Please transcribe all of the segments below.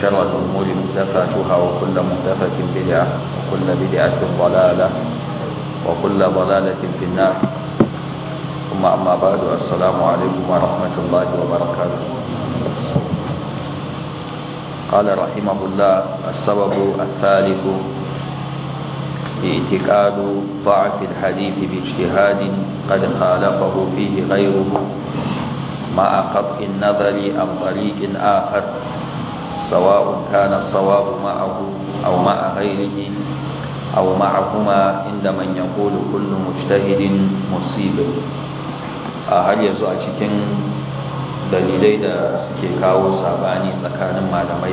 وشر الأمور مهدفاتها وكل مهدفة بدعة وكل بدعة ضلالة وكل ضلالة في النار ثم أما بعد السلام عليكم ورحمة الله وبركاته قال رحمه الله السبب الثالث اعتقاد ضعف الحديث باجتهاد قد خالفه فيه غيره مع قطع النظر عن طريق آخر سواء كان الصواب معه أو مع غيره أو معهما عند من يقول كل A مصيب هل يزوى cikin dalilai da suke kawo sabani tsakanin malamai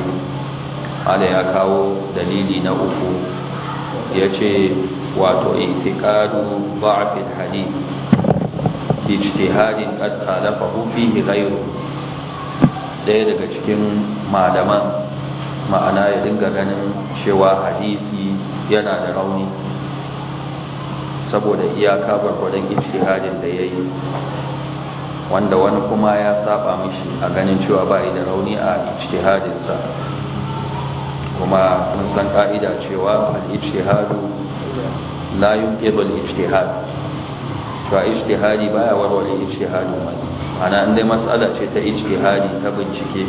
hala ya kawo dalili na uku ya ce wato itikadu ba'afin hadith ijtihadin qad talafahu fihi ghayru daya daga cikin malaman ma'ana ya dinga ganin cewa hadisi yana da rauni saboda iyaka barbadan ijtihadin da ya yi wanda wani kuma ya saba mishi a ganin cewa bai da rauni a ijtihadinsa kuma mun san ka'ida cewa al-ijtihadu la yunqidu al-ijtihad cewa ijtihadi baya warware ijtihadin wani ana inda mas'ala ce ta ijtihadi ta bincike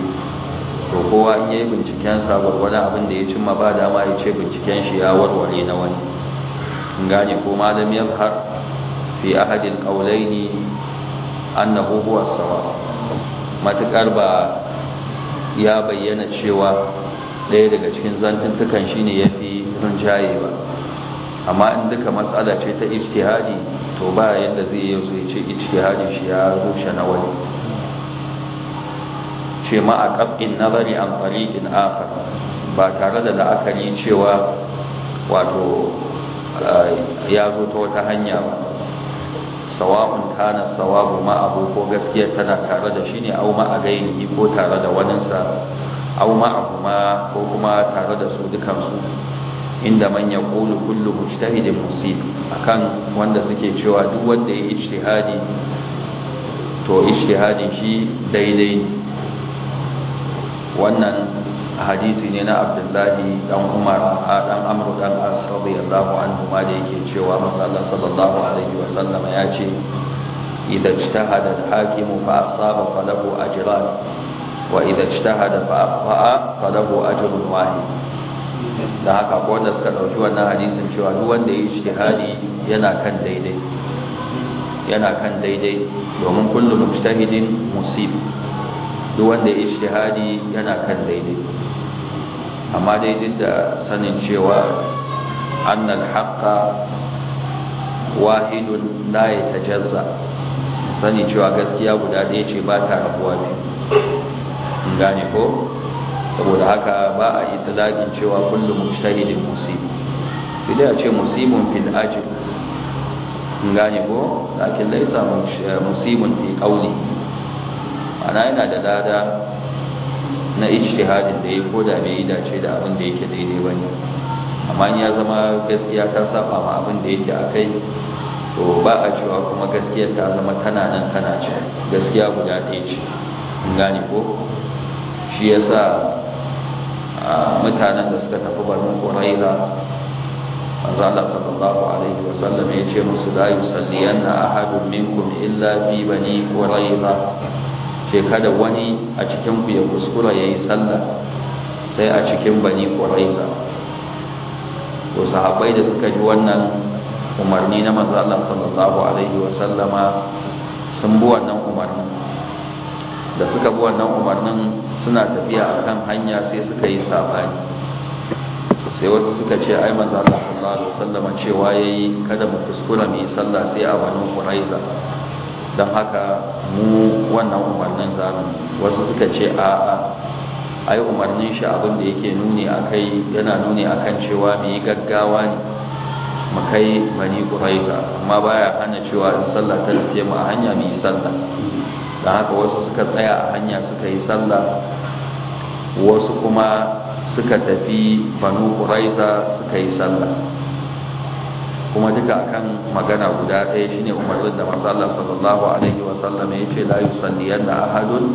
to kowa in yayi binciken sa wani abin da ya cimma ba dama ya ce binciken shi ya warware na wani in gane ko malami ya har fi ahadin qawlaini annahu huwa sawab matakar ba ya bayyana cewa ɗaya daga cikin zantuntukan shine yafi rinjaye ba amma in duka matsala ce ta ijtihadi to ba yanda zai yi ya ce ijtihadi shi ya rushe na wani ce ma a ƙaf'in nazari an tsariƙin afar ba tare da la'akari cewa wato eh, ya zo ta wata hanya ba sawa'un kana sawabu ma ko gaskiya tana tare da shi ne au ma gaini ko tare da waninsa au ma ko kuma tare da su dukansu inda man ya kulu kullu mujtahidin musib akan wanda suke cewa duk wanda ya ijtihadi to ijtihadin shi daidai ne wannan hadisi ne na abdullahi dan umar a dan amru dan as radiyallahu anhu ma da yake cewa masallan sallallahu alaihi wa sallam ya ce idan ijtahada al-hakimu fa asaba falahu ajran wa idan ijtahada fa akhta'a falahu ajrun wahid da haka ko wanda suka dauki wannan hadisin cewa duk wanda ya ijtihadi yana kan daidai yana kan daidai domin kullu mujtahidin musib duk wanda ya shahadi yana kan daidai amma daidai da sanin cewa annal haqqa wahidun la yatajazza sanin cewa gaskiya guda ɗaya ce ba ta rabuwa biyu gane ko saboda haka ba a yi cewa kullum mushahidin musib sai ya ce musibun fil ajr gane ko lakin laysa eh, musibun fi qawli ana yana da lada na ijtihadin da ya koda bai yi dace da abin da yake daidai bane amma ya zama gaskiya ta saba ma abin da yake akai to ba a cewa kuma gaskiyar ta zama tana nan tana ce gaskiya guda ɗaya ce in gane ko shi yasa mutanen da suka tafi barin ƙuraira manzo Allah sallallahu alaihi wa sallam ya ce musu da yusalliyanna ahadun minkum illa fi bani quraiba ce kada wani a cikin ku ya kuskura yayi sallah sai a cikin bani quraiza to sahabbai da suka ji wannan umarni na manzo Allah sallallahu alaihi sallama sun bi wannan umarnin da suka bi wannan umarnin suna tafiya akan hanya sai suka yi sabani sai wasu suka ce ai manzo Allah sallallahu alaihi sallama cewa yayi kada mu kuskura mu yi sallah sai a bani quraiza don haka mu wannan umarnin zamu wasu suka ce a'a ai umarnin shi abin da yake nuni kai yana nuni akan cewa mai yi gaggawa ne mu kai bani quraiza amma baya hana cewa in sallah ta tafi mu a hanya mu yi sallah don haka wasu suka tsaya a hanya suka yi sallah wasu kuma suka tafi banu quraiza suka yi sallah kuma duka akan magana guda ɗaya shine umarnin da manzo Allah sallallahu alaihi wa sallam ya ce la yusalliyanna ahadun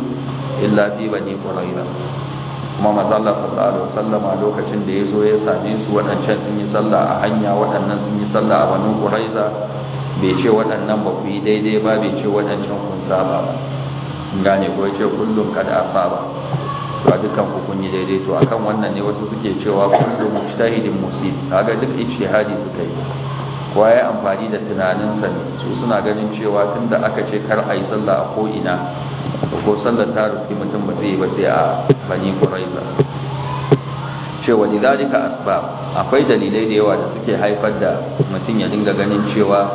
illa fi bani qurayza kuma manzo Allah sallallahu alaihi wa sallam a lokacin da yazo ya same su wadannan sun yi sallah a hanya waɗannan sun yi sallah a bani qurayza bai ce waɗannan ba ku yi daidai ba bai ce wadannan kun saba ba gane ko ce kullum kada asaba Ba dukkan ku kun yi daidai to akan wannan ne wasu suke cewa kullum mujtahidin musib kaga duk ijtihadi suka yi Waye ya amfani da tunaninsa ne su suna ganin cewa tun da aka ce kar a yi sallah a ko'ina ina, ko sallar ta rufi mutum ba zai ba sai a bani kuraiza cewa ni zalika asbab akwai dalilai da yawa da suke haifar da mutum ya dinga ganin cewa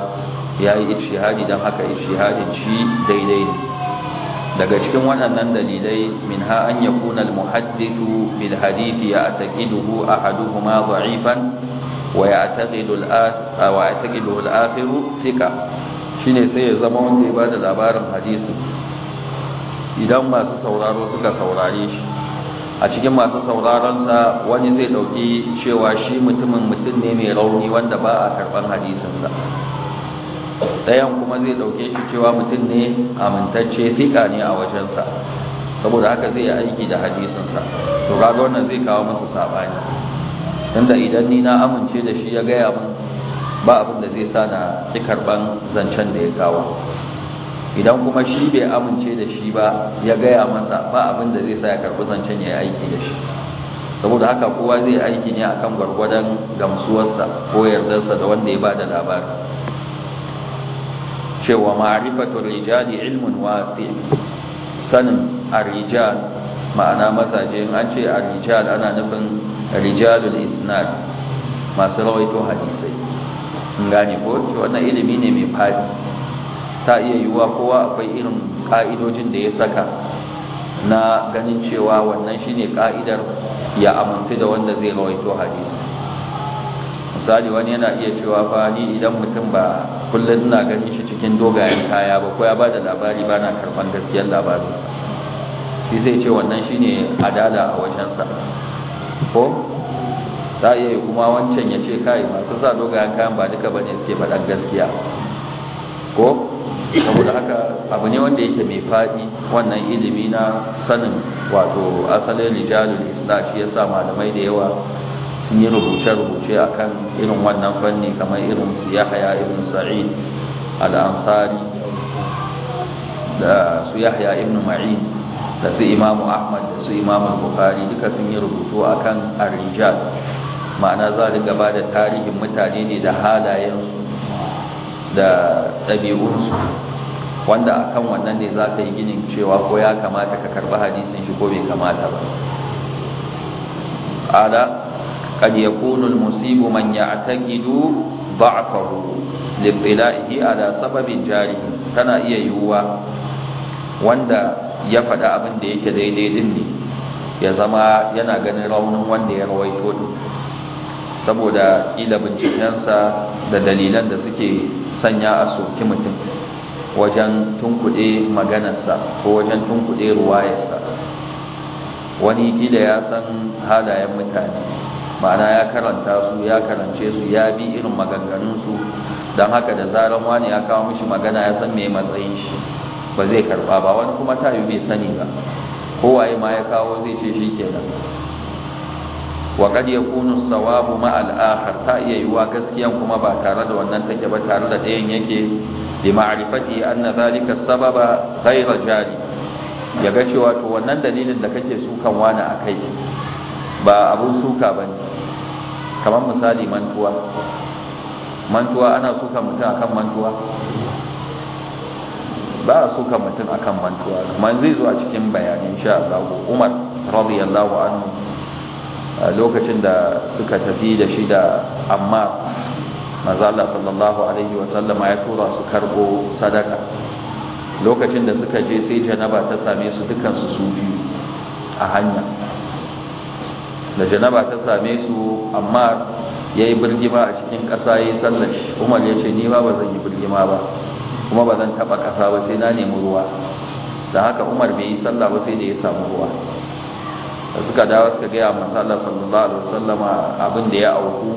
ya yi ishihadi don haka ishihadi shi daidai ne daga cikin waɗannan dalilai min ha an yakuna al-muhaddithu bil hadithi ya ataqiduhu ahaduhuma dha'ifan wa ya taƙilu al'afiru fika shi ne sai ya zama wanda ya ba da labarin hadisi idan masu sauraro suka saurare shi a cikin masu saurarensa, wani zai ɗauki cewa shi mutumin mutum ne mai rauni wanda ba a karɓar hadisinsa ɗayan kuma zai ɗauki shi cewa mutum ne amintacce fika ne a wajensa saboda haka zai yi aiki da hadisinsa to wannan zai kawo masa saɓani tunda idan ni na amince da shi ya gaya min ba abin da zai sa na karban zancen da ya kawo idan kuma shi bai amince da shi ba ya gaya masa ba abin da zai sa ya karbi zancen ya yi aiki da shi saboda haka kowa zai aiki ne akan gwargwadon gamsuwarsa ko yardarsa da wanda ya ba da labari cewa ma'arifatul rijali ilmun wasi sanin arijal ma'ana mazaje an ce arijal ana nufin rijalul isnad masu rawaito hadisai gane ko wannan ilimi ne mai fadi ta iya yiwuwa kowa akwai irin ka'idojin da ya saka na ganin cewa wannan shine ka'idar ya amince da wanda zai rawaito hadisi misali wani yana iya cewa fa ni idan mutum ba kullum ina ganin shi cikin dogayen kaya ba ko ya bada labari ba na karban gaskiyar labarinsa shi zai ce wannan shine adala a wajensa ko za a iya kuma wancan ya ce kai masu sa dogayen kayan ba duka bane suke faɗan gaskiya ko saboda haka abu ne wanda yake mai faɗi wannan ilimi na sanin wato asalin rijalul isla shi sa malamai da yawa sun yi rubuce-rubuce a kan irin wannan fanni kamar irin su yahaya ibn sa'id al-ansari da su haya ibn ma'in da su imamu ahmad da su imamu Buhari, duka sun yi rubutu akan kan rijal ma'ana za a gaba da tarihin mutane ne da halayensu da ɗabi'unsu wanda akan wannan ne za ka yi ginin cewa ko ya kamata ka karɓi hadisin shi ko bai kamata ba ala قد يكون المصيب من يعتقد ضعفه لابتلائه على sababin jari tana iya yiwuwa wanda ya faɗa abin da yake daidai din ne ya zama yana ganin raunin wanda ya rawaito din saboda ila bincikensa da dalilan da suke sanya a soki mutum wajen tunkuɗe maganarsa ko wajen tunkuɗe ruwayarsa wani ƙila ya san halayen mutane ma'ana ya karanta su ya karance su ya bi irin maganganunsu don haka da zaran wani ya kawo mishi magana ya san mai matsayin shi ba zai karba ba wani kuma ta bai sani ba kowaye ma ya kawo zai ce shi kenan wa kad yakunu sawabu ma al akhar ta iya yiwa gaskiyan kuma ba tare da wannan take ba tare da ɗayan yake bi ma'rifati anna zalika sababa ghayra jari ya ga cewa to wannan dalilin da kake sukan wani akai ba abun suka bane kamar misali mantuwa mantuwa ana suka mutum akan mantuwa ba a soka mutum akan mantuwa Kamar zai zo a cikin bayanin sha Allah Umar radiyallahu anhu lokacin da suka tafi da shi da amma sallallahu alaihi wa sallama ya tura su karbo sadaka lokacin da suka je sai janaba ta same su dukkan su su biyu a hanya da janaba ta same su amma yayi birgima a cikin ƙasa yayi sallar Umar ya ce ni ba ba zan yi birgima ba kuma ba zan taɓa ƙasa ba sai na nemi ruwa da haka umar bai yi sallah ba sai da ya samu ruwa da suka dawo suka gaya manzala sallallahu alaihi wasallama abin da ya auku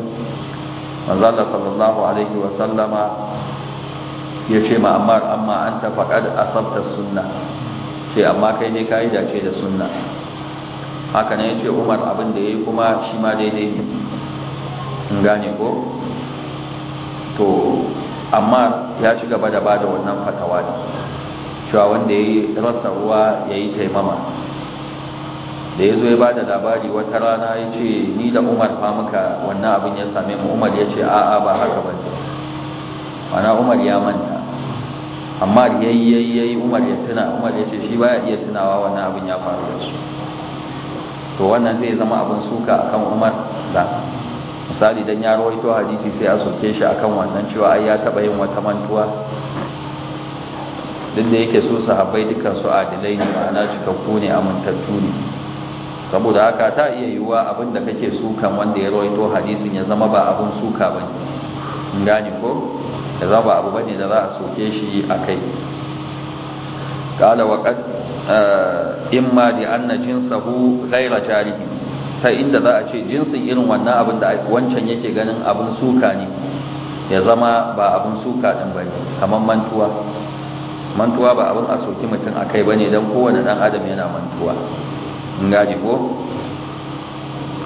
manzala sallallahu alaihi wasallama ya ce ma amma amma an ta faƙad asabta sunna ce amma kai ne ka yi dace da sunna haka ne ya ce umar abin da ya yi kuma shi ma daidai in gane ko to amma ya ci gaba da bada wannan fatawa ne cewa wanda ya yi rasa ruwa ya yi taimama da ya zo ya bada labari wata rana ya ce ni da umar famuka muka wannan abin ya same mu umar ya ce a'a ba haka ba mana umar ya manta amma yi ya yi umar ya tuna umar ya ce shi baya iya tunawa wannan abin ya faru da su to wannan zai zama abin suka akan umar da misali dan ya rawaito hadisi sai a soke shi akan wannan cewa ai ya taba yin wata mantuwa duk da yake so sahabbai duka su adilai ne ma'ana cikakku ne amintattu ne saboda haka ta iya yiwuwa abin da kake sukan wanda ya rawaito hadisin ya zama ba abin suka ba ne gani ko ya zama ba abu ba ne da za a soke shi a kai قال eh, imma إما anna jinsahu غير tarihi ta inda za a ce jinsin irin wannan abin da wancan yake ganin abin suka ne ya zama ba abin suka din ne kamar mantuwa mantuwa ba abin a soki mutum a kai ba ne don kowane ɗan adam yana mantuwa in gaji ko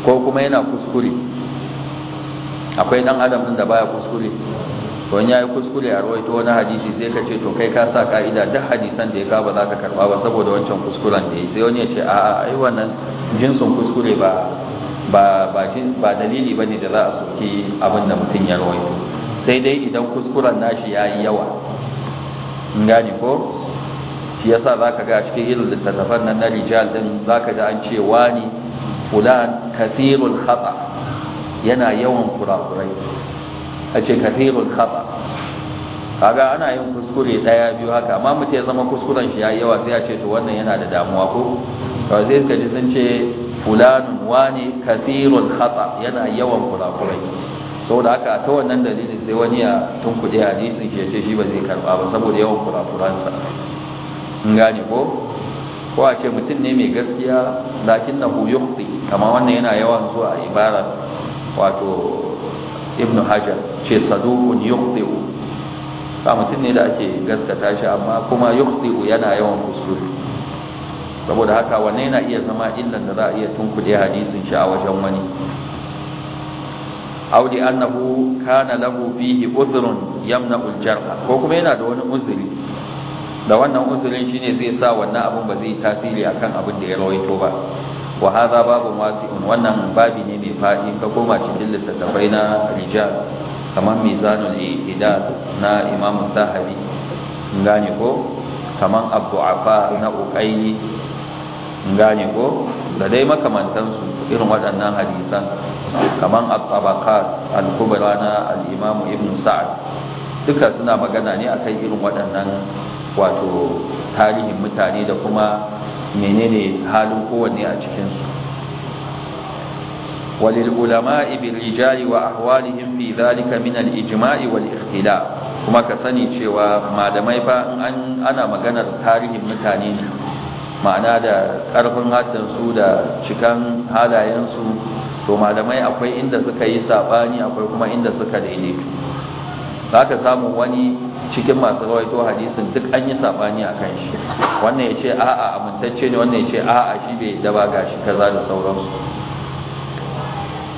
ko kuma yana kuskure akwai ɗan adam ɗin da baya kuskure wani ya yi kuskure a rawaito wani hadisi sai ka ce to kai ka sa ka'ida duk hadisan da ya ka ba za ka karba ba saboda wancan kuskuren da ya sai wani ya ce a'a ai wannan jinsin kuskure ba ba dalili ba ne da za a soki abin da mutum ya rawaito sai dai idan kuskuren nashi ya yi yawa in gani ko shi yasa za ka ga a cikin irin littattafan nan na rijal din za ka ga an ce wani fulan kathirul khata yana yawan kurakurai a ce kathirul khata kaga ana yin kuskure daya biyu haka amma mutum ya zama kuskuren shi yayi yawa sai a ce to wannan yana da damuwa ko to zai ka ji sun ce fulanun wani kathirul khata yana yawan kurakurai saboda haka ta wannan dalilin sai wani ya kuɗi hadisin shi ya ce shi ba zai karɓa ba saboda yawan kurakuransa in gane ko ko a ce mutum ne mai gaskiya lakin na huyukti Kamar wannan yana yawan zuwa ibara wato ibnu hajar ce saduqun yuqti'u ba mutum ne da ake gaskata shi amma kuma yuqti'u yana yawan kuskure saboda haka wanne yana iya zama illan da za a iya tunkuɗe hadisin shi a wajen wani audi annahu kana lahu fihi udhrun yamna'u al-jarh ko kuma yana da wani uzuri da wannan uzurin shine zai sa wannan abun ba zai tasiri akan abin da ya rawaito ba wa hadha babun wasi'un wannan babi ne mai fadi ka koma cikin littattafai na rijal kamar mizanul idad na imamu zahabi gane ko kamar abdu'afa na uqayli gane ko da dai su irin waɗannan hadisan kamar abakat al-kubra na al-imamu ibn sa'ad duka suna magana ne akan irin waɗannan wato tarihin mutane da kuma menene halin kowanne a cikinsu walil ulama'i bil rijali wa ahwalihim fi dhalika min al ijma'i wal ikhtila kuma ka sani cewa malamai fa an ana maganar tarihin mutane ne ma'ana da karfin su da cikan halayensu to malamai akwai inda suka yi sabani akwai kuma inda suka daidaitu za ka samu wani cikin masu rawaito hadisin duk an yi sabani a kan shi wannan ya ce a'a amintacce ne wannan ya ce a'a shi bai da ba gashi kaza da sauransu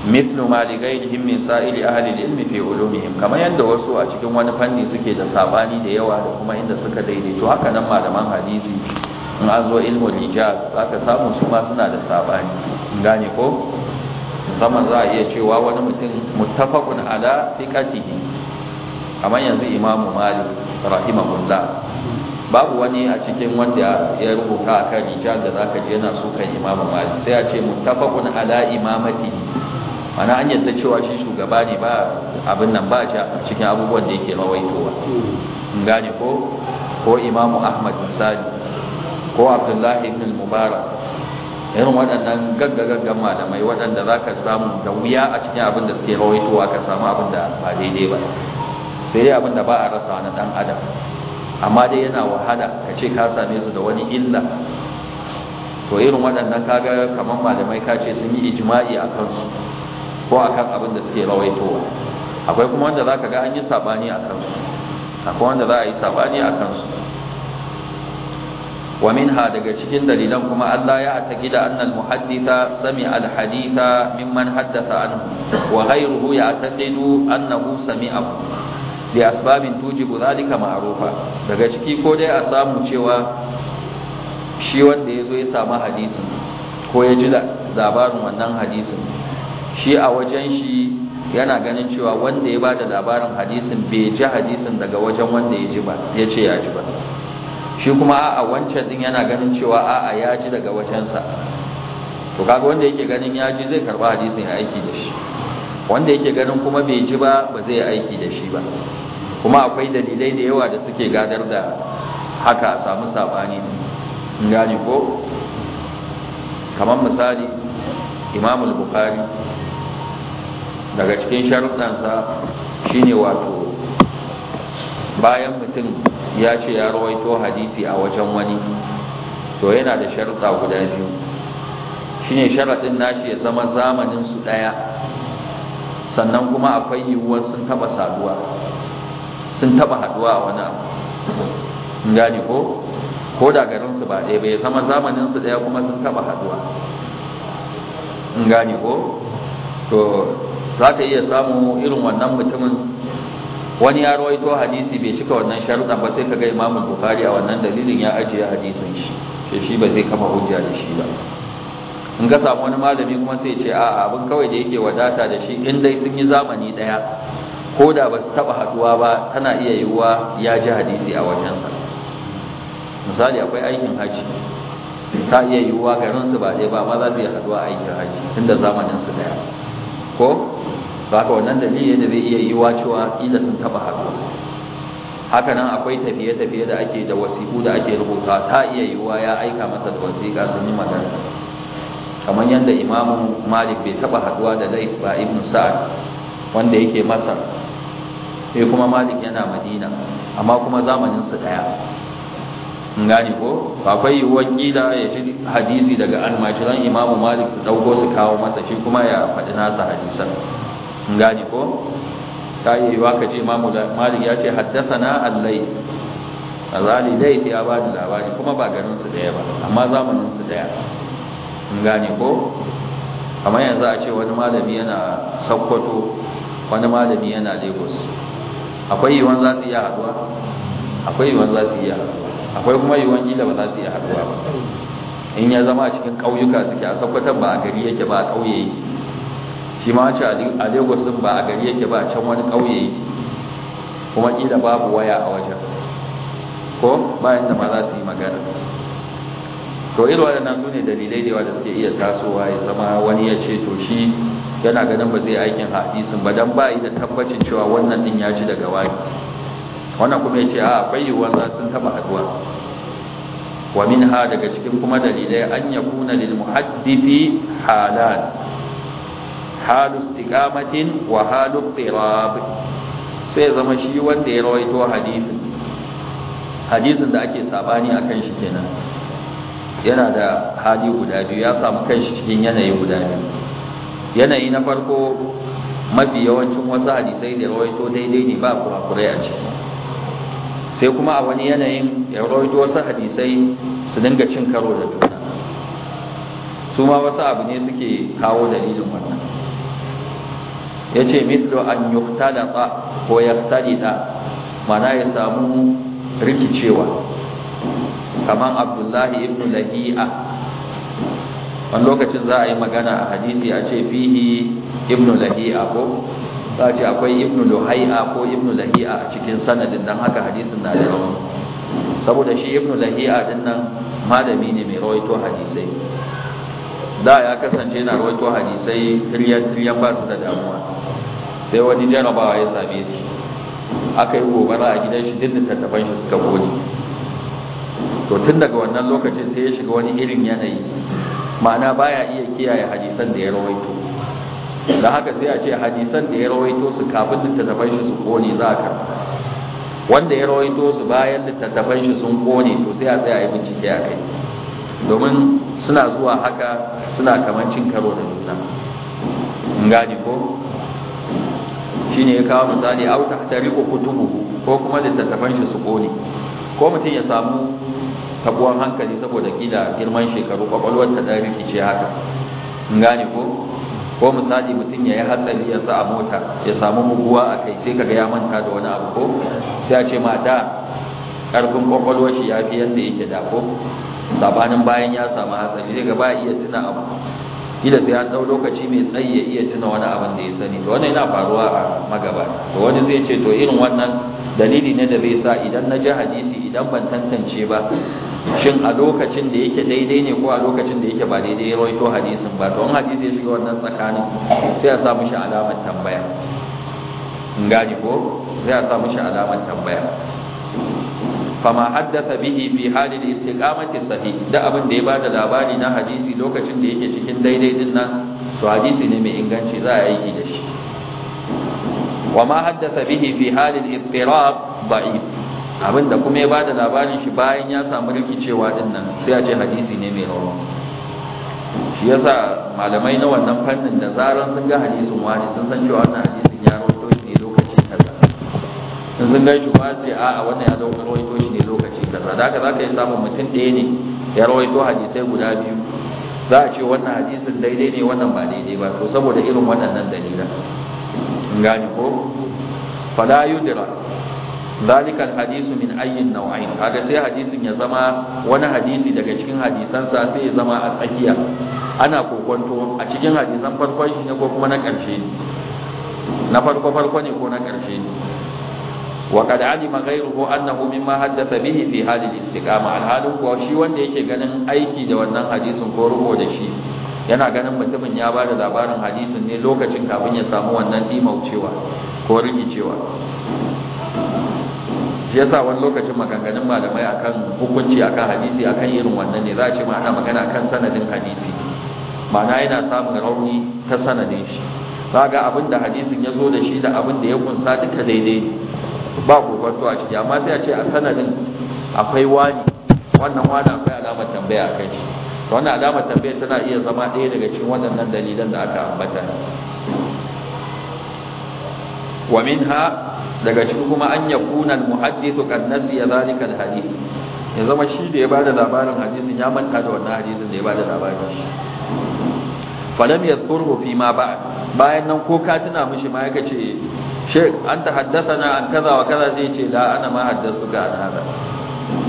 mithlu ma li ghayrihim min sa'ili ahli al-ilmi fi ulumihim kamar yadda wasu a cikin wani fanni suke da sabani da yawa da kuma inda suka daidaito haka nan malaman hadisi in an zo ilmu ijaz zaka samu su ma suna da sabani gane ko musamman za a iya cewa wani mutum muttafaqun ala fiqatihi kamar yanzu imamu mali rahimahullah babu wani a cikin wanda ya rubuta a kan rijal da zaka je yana sukan imamu mali sai ya ce muttafaqun ala imamati mana an yadda cewa shi shugaba ne ba abin nan ba a cikin abubuwan da yake rawaitowa in gane ko ko imamu ahmad misali ko abdullahi ibn mubarak irin waɗannan gaggagaggan malamai waɗanda za ka samu da wuya a cikin abin da suke rawaitowa ka samu abin da ba daidai ba sai dai abinda ba a rasa na dan adam amma dai yana wahala ka ce ka same su da wani illa to irin waɗannan kaga kamar malamai ka ce sun yi ijma'i a kansu ko kan abin da suke rawaitowa akwai kuma wanda za ka ga an yi saɓani a kansu akwai wanda za a yi saɓani a kansu wa minha daga cikin dalilan kuma Allah ya ta gida annal muhaddisa sami al-haditha mimman haddatha anhu wa ghayruhu ya atadidu annahu sami'a li asbabin tujibu zalika ma'rufa daga ciki ko dai a samu cewa shi wanda yazo ya samu hadisin ko ya ji labarin wannan hadisin shi a wajen shi yana ganin cewa wanda ya bada labarin hadisin bai ji hadisin daga wajen wanda ya ji ba ya ce ya ji ba shi kuma a wancan din yana ganin cewa a'a ya ji daga wajen sa, to kaga wanda yake ganin ya ji zai karba hadisin ya aiki da shi wanda yake ganin kuma bai ji ba ba zai aiki da shi ba kuma akwai dalilai da yawa da suke gadar da haka samu sabani ne gani ko kamar misali imam al-bukhari daga cikin sharuɗansa shine wato bayan mutum ya ce ya rawaito hadisi a wajen wani to yana da sharuɗa guda biyu shine sharaɗin nashi ya zama zamanin su ɗaya sannan kuma akwai yiwuwar sun taɓa saduwa sun taba haduwa a wani abu gani ko ko da garinsu ba ɗaya bai zama zamaninsu ɗaya kuma sun taba haduwa gani ko to za ka iya samu irin wannan mutumin wani ya rawaito hadisi bai cika wannan sharuɗa ba sai ka ga imamun bukari a wannan dalilin ya ajiye hadisin shi ke shi ba zai kama hujja da shi ba in ka samu wani malami kuma sai ce a abin kawai da yake wadata da shi in dai sun yi zamani ɗaya ko da ba su taba haduwa ba tana iya yiwuwa ya ji hadisi a wajensa misali akwai aikin haji ta iya yiwuwa su ba ɗaya ba ma za su iya haduwa aikin haji tunda zamaninsu daya ko ba ka wannan dalili da zai iya yiwuwa cewa ƙila sun taba haduwa? haka nan akwai tafiye-tafiye da ake da wasiku da ake rubuta ta iya yiwuwa ya aika masa da wasiƙa sun yi magana kamar yadda imamu malik bai taba haduwa da laif ba ibn sa'ad wanda yake masa sai kuma malik yana madina amma kuma zamanin su daya in gane ko akwai yiwuwar kila ya ji hadisi daga almajiran imamu malik su dauko su kawo masa shi kuma ya faɗi nasa hadisan in ko ta yi yiwuwa ka ce imamu malik ya ce haddasa na allai azali dai ya bani labari kuma ba garin su daya ba amma zamanin su daya in ko kamar yanzu a ce wani malami yana sakkwato wani malami yana lagos akwai yiwuwan za su iya haduwa akwai yiwuwan za su iya akwai kuma yiwuwan kila ba za su iya haduwa ba in ya zama a cikin ƙauyuka suke a tabbatar ba a gari yake ba a ƙauye shi ma ce a lagos din ba a gari yake ba a can wani ƙauye kuma kila babu waya a wajen ko bayan da ma za su yi magana to irin waɗannan su ne dalilai da yawa da suke iya tasowa ya zama wani ya ce to shi yana ganin ba zai aikin hadisin ba dan ba yi da tabbacin cewa wannan din ya ci daga wani wannan kuma yace a akwai wanda sun taba haduwa wa minha daga cikin kuma dalilai an yakuna lil muhaddithi halan halu istiqamatin wa halu qirab sai zama shi wanda ya rawaito hadisin hadisin da ake sabani akan shi kenan yana da hali guda biyu ya samu kanshi cikin yanayi guda biyu yanayi na farko mafi yawancin wasu hadisai da rawaito daidai ne ba kurakurai a ciki sai kuma a wani yanayin ya rawaito wasu hadisai su dinga cin karo da juna su ma wasu abu ne suke kawo dalilin wannan ya ce mitlo an da yuktadata ko ya da mana ya samu rikicewa kamar abdullahi ibn lahi'a wani lokacin za a yi magana a hadisi a ce fihi ibnu lahi'a ko za a ce akwai ibnu lahi'a ko ibnu lahi'a a cikin sanadin don haka hadisin na da rauni saboda shi ibnu lahi'a din nan malami ne mai rawaito hadisai da ya kasance yana rawaito hadisai tiryan tiryan ba su da damuwa sai wani jarabawa ya same shi aka yi gobara a gidan shi duk littattafan shi suka gode to tun daga wannan lokacin sai ya shiga wani irin yanayi ma'ana baya iya kiyaye hadisan da ya rawaito da haka sai a ce hadisan da ya rawaito su kafin littattafan shi su kone za ka, wanda ya rawaito su bayan littattafan shi sun kone to sai a tsaya a yi bincike a kai domin suna zuwa haka suna kamar cin karo da juna gani ko shi ne ya kawo misali auta ta riko kutubu ko kuma littattafan shi su kone ko mutum ya samu tabuwan hankali saboda kila girman shekaru kwakwalwar ta dan rikice haka in gane ko ko misali mutum ya yi hatsari ya sa a mota ya samu muguwa a kai sai kaga ya manta da wani abu ko sai a ce mata karfin kwakwalwar shi ya fi yadda yake da ko sabanin bayan ya samu hatsari sai ga iya tuna abu kila sai an dau lokaci mai tsayi ya iya tuna wani abin da ya sani to wannan yana faruwa a magaba to wani zai ce to irin wannan dalili ne da bai sa idan na ji hadisi idan ban tantance ba shin a lokacin da yake daidai ne ko a lokacin da yake ba daidai ya rawaito hadisin ba to an hadisi ya shiga wannan tsakanin sai a sa mishi alamar tambaya in gani ko sai a sa mishi alamar tambaya fama haddasa bihi fi halin istiqamati sahih da abin da ya bada labari na hadisi lokacin da yake cikin daidai din nan to hadisi ne mai inganci za a yi da shi wa ma haddasa bihi fi halin ittirab da'if abinda kuma ya bada labarin shi bayan ya samu rikicewa din nan sai ya ce hadisi ne mai rawa shi yasa malamai na wannan fannin da zaran sun ga hadisin wani sun san cewa wannan hadisin ya rawaito shi ne lokacin kaza in sun ga shi ba sai a a wannan ya rawaito shi ne lokacin kaza da haka zaka yi samun mutum ɗaya ne ya rawaito hadisai guda biyu za a ce wannan hadisin daidai ne wannan ba daidai ba to saboda irin waɗannan dalilan gani ko fala yudra dalika alhadith min ayyin nawain kaga sai hadisin ya zama wani hadisi daga cikin hadisan sa sai ya zama a tsakiya ana kokonto a cikin hadisan farkon shi ne ko kuma na ƙarshe na farko farko ne ko na ƙarshe wa qad alima ghayruhu annahu mimma haddatha bihi fi hadhihi istiqama alhalu wa shi wanda yake ganin aiki da wannan hadisin ko rubo da shi yana ganin mutumin ya ba da labarin hadisin ne lokacin kafin ya samu wannan dimaucewa ko rikicewa Ya sa wani lokacin maganganun malamai akan hukunci akan hadisi akan irin wannan ne za a ce ma ana magana kan sanadin hadisi ma'ana yana samun rauni ta sanadin shi za ga abin da hadisin ya zo da shi da abin da ya kunsa duka daidai ba kwanto a ciki amma sai a ce a sanadin akwai wani wannan wani akwai alamar tambaya a kai shi wannan alamar tambayar tana iya zama ɗaya daga cikin waɗannan dalilan da aka ambata wa minha daga cikin kuma an yakuna kan nasi ya zalika alhadith ya zama shi da ya bada labarin hadisin ya manta da wannan hadisin da ya bada labarin falam yadhkuruhu fi ma ba bayan nan ko ka tuna mishi ma yake ce shek an ta haddasa na an kaza wa kaza zai ce la ana ma haddasa ga an hada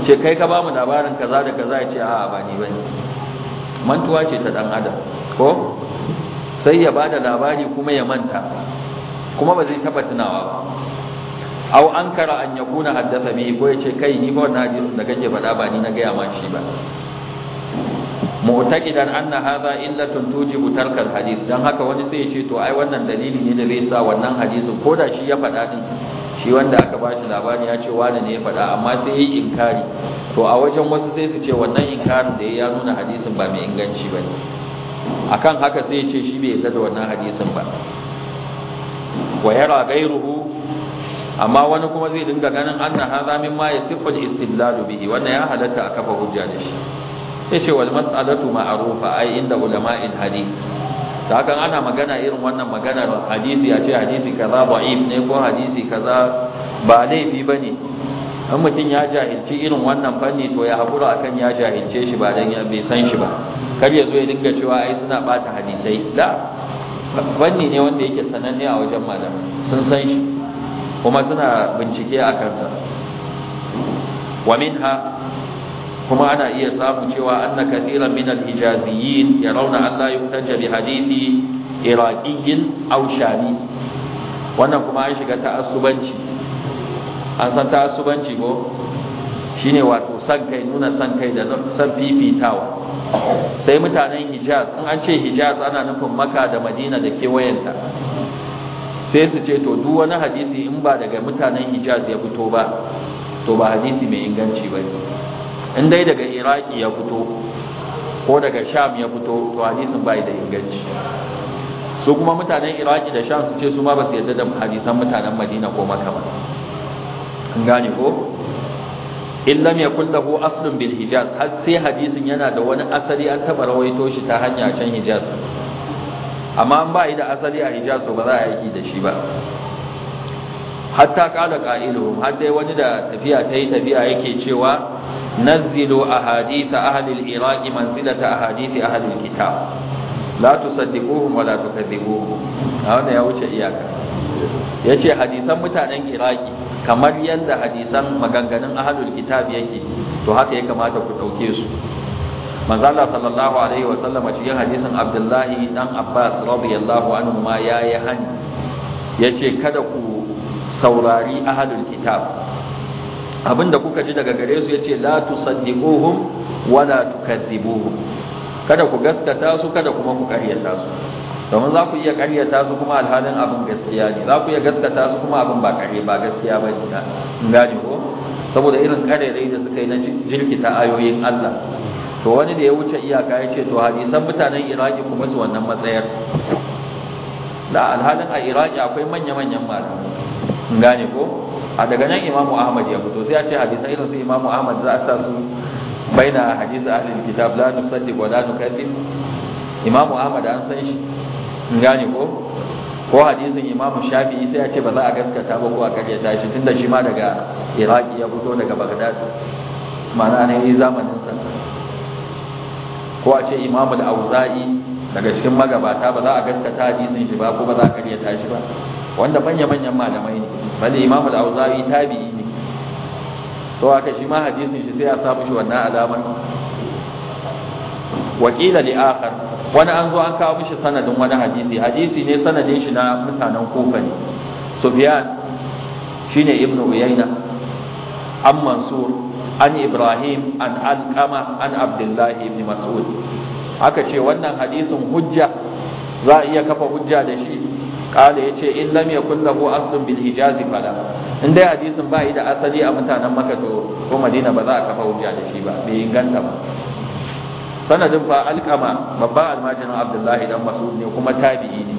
ce kai ka ba mu labarin kaza da kaza ya ce a'a ba ni bane mantuwa ce ta dan adam ko sai ya bada labari kuma ya manta kuma ba zai taba tunawa ba aw ankara an yakuna haddatha bihi ko yace kai ni ba wannan hadisin da kake faɗa ba ni na gaya ma shi ba mu'taqidan anna hadha illatun tujibu tarkal hadith dan haka wani sai ya ce to ai wannan dalili ne da zai sa wannan hadisin ko da shi ya faɗa din shi wanda aka ba shi labarin ya ce wani ne ya faɗa amma sai ya yi inkari to a wajen wasu sai su ce wannan inkarin da ya nuna hadisin ba mai inganci ba ne A kan haka sai ya ce shi bai yarda da wannan hadisin ba wa yara gairuhu amma wani kuma zai dinga ganin haza min ma ya siffar istidlal bihi wannan ya halatta a kafa hujja da shi ce wal mas'alatu ma'arufa ai inda in hadith da hakan ana magana irin wannan maganar hadisi a ce hadisi kaza da'if ne ko hadisi kaza ba laifi ba ne. in mutum ya jahilci irin wannan fanni to ya haƙura akan ya jahilce shi ba don bai san shi ba kar ya zo ya dinga cewa ai suna bata hadisai da fanni ne wanda yake sananne a wajen malam sun san shi kuma suna bincike a kansa wa minha kuma ana iya samu cewa anna kathira min al hijaziyyin yarawna an la yuktaja bi hadithi iraqiyyin aw shami wannan kuma an shiga ta'assubanci an san ta'assubanci ko shine wato san kai nuna san kai da san fifitawa sai mutanen hijaz in an ce hijaz ana nufin maka da madina da kewayenta sai su ce to duk wani hadisi in ba daga mutanen hijaz ya fito ba to ba hadisi mai inganci ba ne in dai daga iraki ya fito ko daga sham ya fito to hadisin bai da inganci su kuma mutanen iraki da sham su ce su ma ba su yadda da hadisan mutanen madina ko maka ba an gane ko in lam yakul lahu aslun bil hijaz har sai hadisin yana da wani asali an taba rawaito shi ta hanya can hijaz amma an ba da asali a hijaz ba za a yi da shi ba hatta kala qailuhum har dai wani da tafiya ta yi tafiya yake cewa نزلوا أحاديث أهل العراق منزلة أحاديث أهل الكتاب لا تصدقوهم ولا تكذبوهم هذا يا وجه إياك yace hadisan mutanen iraki kamar yadda hadisan maganganun ahlul kitab yake to haka ya kamata ku dauke su manzo Allah sallallahu alaihi wa sallam cikin hadisin Abdullahi dan Abbas radiyallahu anhu ma yayi hani yace kada ku saurari ahlul kitab abinda kuka ji daga gare su yace la tusaddiquhum tu kaddi buhu." kada ku gaskata su kada kuma ku ƙaryata su domin za ku iya ƙaryata su kuma alhalin abin gaskiya ne za ku iya gaskata su kuma abin ba ƙarya ba gaskiya ba ne gani ko saboda irin ƙarerai da suka yi na jirkita ayoyin Allah to wani da ya wuce iyaka ya ce to hadisan mutanen Iraki kuma su wannan matsayar da alhalin a Iraki akwai manya-manyan malamai gane ko a daga nan imamu ahmad ya fito sai a ce hadisa irin su imamu ahmad za a sa su na hadisa ahlin kitab la sadi wa la nukadzib imamu ahmad an san shi in gane ko ko hadisin imamu shafi'i sai a ce ba za a gaskata ba ko a karyata shi tunda shi ma daga iraki ya fito daga baghdad ma'ana ne yi zamanin sa ko a ce imamu al-auza'i daga cikin magabata ba za a gaskata hadisin shi ba ko ba za a karyata shi ba wanda manya-manyan malamai ne wanda imam al-auzawi tabi'i ne to haka shi ma hadisin shi sai a samu shi wannan alamar wakila li akhar wani an zo an kawo mishi sanadin wani hadisi hadisi ne sanadin shi na mutanen kofa ne sufyan shine ibnu uyayna an mansur an ibrahim an alqama an abdullah ibn mas'ud aka ce wannan hadisin hujja za a iya kafa hujja da shi kala yace in lam yakul lahu aslun bil hijaz fala in dai hadisin ba yi da asali a mutanen Makka to ko Madina ba za a kafa hujja da shi ba bai inganta ba sanadin fa alqama babba almajirin Abdullahi dan Mas'ud ne kuma tabi'i ne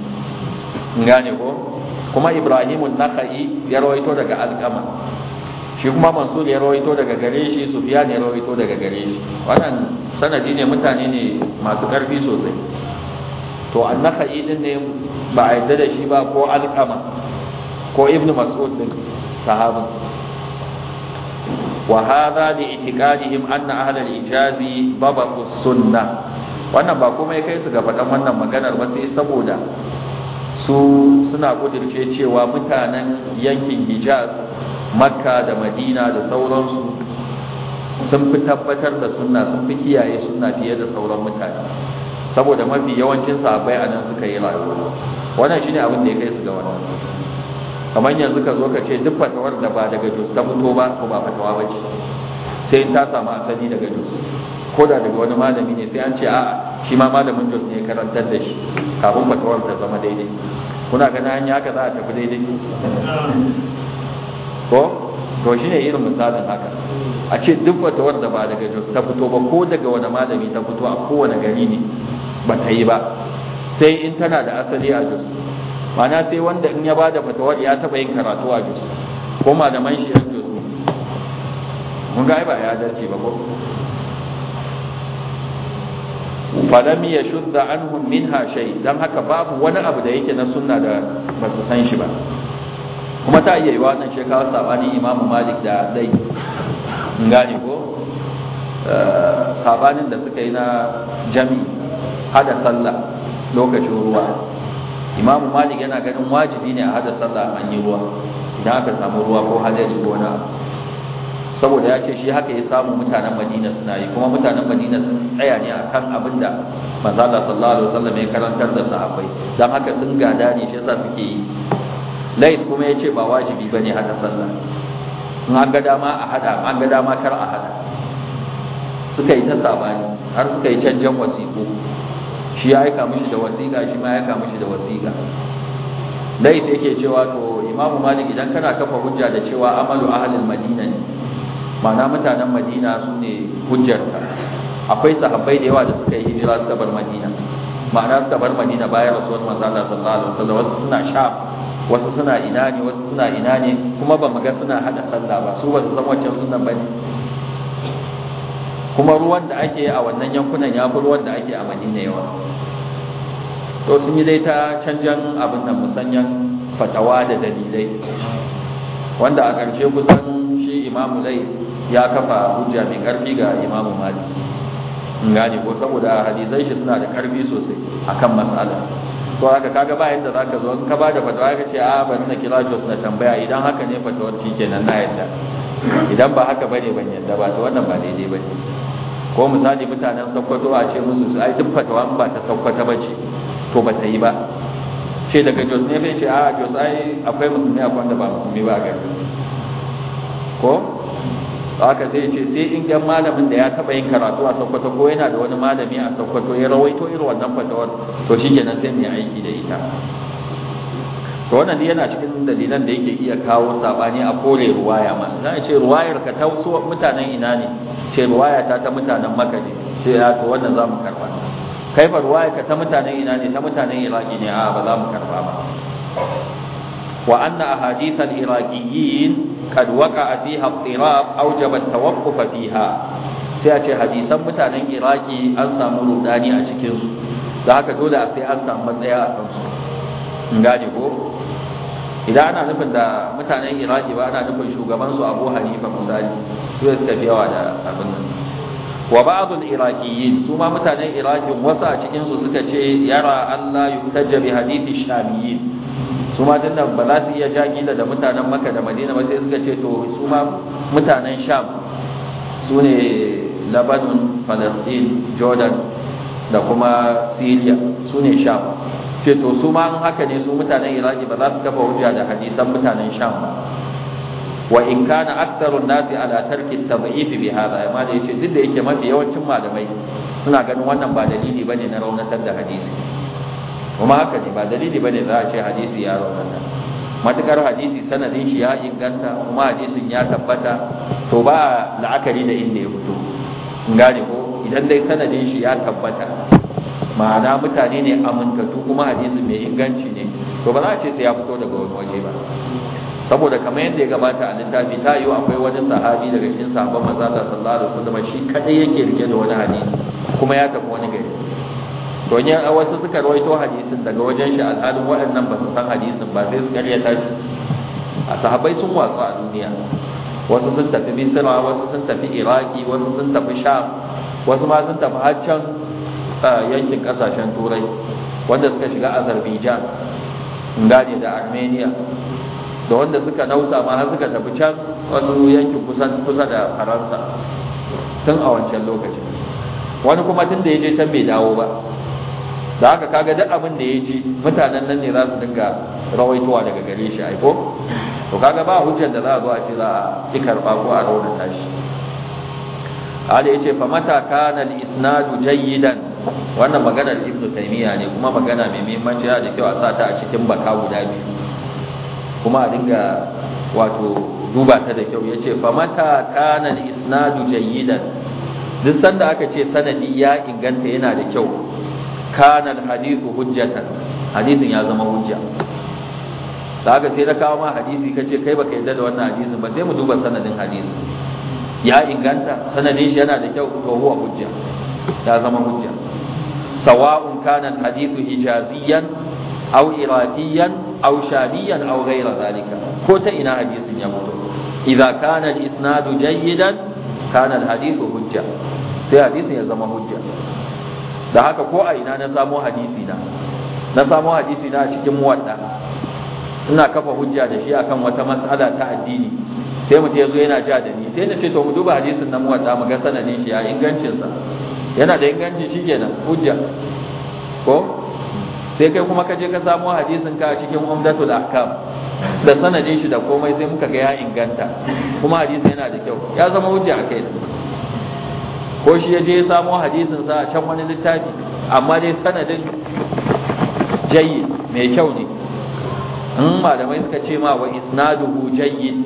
in gane ko kuma Ibrahim an-Nakhai ya rawaito daga alqama shi kuma mansur ya rawaito daga gare shi sufiyan ya rawaito daga gare shi wannan sanadi ne mutane ne masu karfi sosai to annaka idin ne ba a yadda da shi ba ko alƙama ko ibn mas'ud din sahabin wa hadha li itiqadihim anna ahl al-ijazi babu sunnah wannan ba kuma ya kai su ga faɗan wannan maganar ba sai saboda su suna kudirce cewa mutanen yankin hijaz makka da madina da sauransu sun fi tabbatar da sunna sun fi kiyaye sunna fiye da sauran mutane saboda mafi yawancin sahabbai a nan suka yi rayuwa wannan shine abin da ya kai su ga wannan kamar yanzu ka zo ka ce duk fatawar da ba daga jos ta fito ba ko ba fatawa ba ce sai ta samu asali daga jos ko da daga wani malami ne sai an ce a'a shi ma malamin jos ne karantar da shi kafin fatawar ta zama daidai kuna ganin hanya haka za a tafi daidai ko to shine irin misalin haka a ce duk fatawar da ba daga jos ta fito ba ko daga wani malami ta fito a kowane gari ne ba ta yi ba sai in tana da asali a jos mana sai wanda in ya ba da fatawar ya taba yin karatu a jos ko malaman shi yan jos mun ga ba ya dace ba ko falam ya anhum minha shay dan haka babu wani abu da yake na sunna da ba su san shi ba kuma ta iya yi wannan shekara sabanin imam malik da dai gane ko eh, sabanin da suka yi na jami'i hada sallah lokacin ruwa imamu malik yana ganin wajibi ne a hada sallah an yi ruwa idan aka samu ruwa ko hadari ko na saboda ya ce shi haka ya samu mutanen madina suna yi kuma mutanen madina sun tsaya ne kan abin da manzala sallallahu alaihi wasallam ya karantar da sahabbai don haka sun gada ne shi yasa suke yi lait kuma ya ce ba wajibi ba ne hada sallah in an ga dama a hada an ga dama kar a hada suka yi ta sabani har suka yi canjan wasiƙu shi ya aika mishi da wasiƙa shi ma ya aika mishi da wasiƙa dai da yake cewa to imamu malik idan kana kafa hujja da cewa amalu ahlul madina ne ma'ana mutanen madina su ne hujjarka akwai sahabbai da yawa da suka yi hijira suka bar madina ma'ana suka bar madina bayan rasuwar manzo Allah sallallahu alaihi wasallam wasu suna sha wasu suna ina ne wasu suna ina ne kuma ba mu ga suna hada sallah ba su ba su san wancan sunan bane kuma ruwan da ake a wannan yankunan ya fi ruwan da ake a madina yawa to sun yi dai ta canjan abin nan musanyan fatawa da dalilai wanda a ƙarshe kusan shi imamu lai ya kafa hujja mai ƙarfi ga imamu in gane ko saboda hadisai shi suna da ƙarfi sosai akan matsala to haka kaga ba yadda ka zo ka ka da fatawa ka ce a ah, ban na kira shi na tambaya idan haka ne fatawar nan na yadda idan ba haka bane ban yadda ba to wannan ba daidai bane ko misali mutanen Sokoto a ce musu ai duk fatawa ba ta Sokoto ce. to ba ta yi ba ce daga jos ne bai ce a ah, jos ai akwai musulmi a wanda ba musulmi ba a gari ko haka sai ce sai in gan malamin da ya taba yin karatu a sokoto ko yana da wani malami a sokoto ya rawaito irin wannan fatawar to shi kenan sai mai aiki da ita to wannan ne yana cikin dalilan da yake iya kawo sabani a kore ruwaya ma za a ce ruwayar ka ta wasu mutanen ina ne ce ruwaya ta ta mutanen maka ne sai ya to wannan za mu karɓa kai fa ka ta mutanen ina ne ta mutanen iraki ne a ba za mu karba ba wa anna ahadith al-iraqiyyin kad waqa'a fiha al-tirab awjaba at-tawaqquf fiha sai a ce hadisan mutanen iraki an samu rudani a cikin su da haka dole a sai an samu matsaya a kan su in gane ko idan ana nufin da mutanen iraki ba ana nufin shugaban su abu hanifa misali su suka fi yawa da abin nan wa ba'd al-iraqiyyin su ma mutanen iraqin wasu a cikin su suka ce yara Allah yuktaja bi hadithi shamiyyin su ma tunda ba za su iya jagila da mutanen Makka da Madina ba sai suka ce to su ma mutanen Sham su ne Labanun, Palestine, Jordan da kuma Syria su ne Sham ce to su ma haka ne su mutanen Iraki ba za su kafa hujja da hadisan mutanen Sham ba wa in kana aktharun nasi ala tarki at-tad'if bi hada amma da yace duk da yake mafi yawancin malamai suna ganin wannan ba dalili bane na raunatar da hadisi kuma haka ne ba dalili bane za a ce hadisi ya raunata matukar hadisi sanadin shi ya inganta kuma hadisin ya tabbata to ba la'akari da inda ya fito gane ko idan dai sanadin shi ya tabbata ma'ana mutane ne amintattu kuma hadisin mai inganci ne to ba za a ce sai ya fito daga wani waje ba saboda kamar yadda ya gabata a littafi ta yiwu akwai wani sahabi daga cikin sahabban maza da sallallahu alaihi wasallam shi kadai yake rike da wani hadisi kuma ya tafi wani gari to ne wasu suka rawaito hadisin daga wajen shi al'adun waɗannan ba su san hadisin ba sai su karyata shi a sahabbai sun watsu a duniya wasu sun tafi misira wasu sun tafi iraki wasu sun tafi sham wasu ma sun tafi haccan yankin kasashen turai wanda suka shiga azerbaijan gane da armenia da wanda suka nausa ma har suka tafi can wani yankin kusa da faransa tun a wancan lokaci. wani kuma tun da ya je can bai dawo ba da haka kaga duk abin da ya ji mutanen nan ne za su dinga rawaitowa daga gare shi aiko to kaga ba hujjar da za a zo a ce za a ki karba ko a tashi. shi ya yace fa mata kana isnadu jayyidan wannan maganar ibnu taymiya ne kuma magana mai muhimmanci da kyau a sata a cikin baka guda biyu kuma a dinga wato duba ta da kyau yace fa mata kana al-isnadu jayyidan duk sanda aka ce sanadi ya inganta yana da kyau kana al-hadithu hujjatan hadithin ya zama hujja da aka sai na kawo ma hadisi kace kai baka yarda da wannan hadisin ba sai mu duba sanadin hadisi ya inganta sanadin shi yana da kyau to huwa hujja ya zama hujja sawa'un kana al-hadithu hijaziyan aw iradiyan aw shadiyan aw ghayra zalika ko ta ina hadisin ya fito idza kana al-isnadu jayyidan kana al-hadithu hujja sai hadisin ya zama hujja da haka ko a ina na samo hadisi na na samo hadisi na a cikin muwadda ina kafa hujja da shi akan wata mas'ala ta addini sai mu je zo yana ja da ni sai na ce to mu duba hadisin na muwadda mu ga sanadin shi a ingancin sa yana da inganci shikenan hujja ko sai kai kuma ka je ka samo hadisin ka a cikin umdatul ahkam da sanadin shi da komai sai muka ga ya inganta kuma hadisin yana da kyau ya zama hujja a kai ko shi ya je ya samo hadisin sa a can wani littafi amma dai sanadin jayyi mai kyau ne in malamai suka ce ma wa isnaduhu jayyid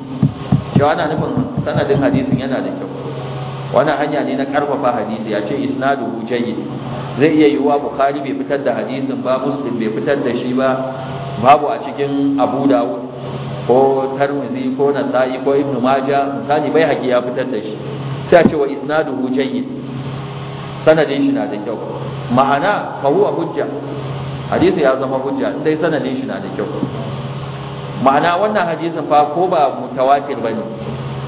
cewa ana nufin sanadin hadisin yana da kyau wani hanya ne na karfafa hadisi ya ce isnaduhu jayyid zai iya yiwuwa bukhari bai fitar da hadisin ba muslim bai fitar da shi ba babu a cikin abu dawud ko tarmizi ko nasa'i ko Ibn maja misali bai haƙi ya fitar da shi sai a ce wa isnaduhu jayyid sanadin shi na da kyau ma'ana fa huwa hujja hadisi ya zama hujja in dai sanadin shi na da kyau ma'ana wannan hadisin fa ko ba mutawatir bane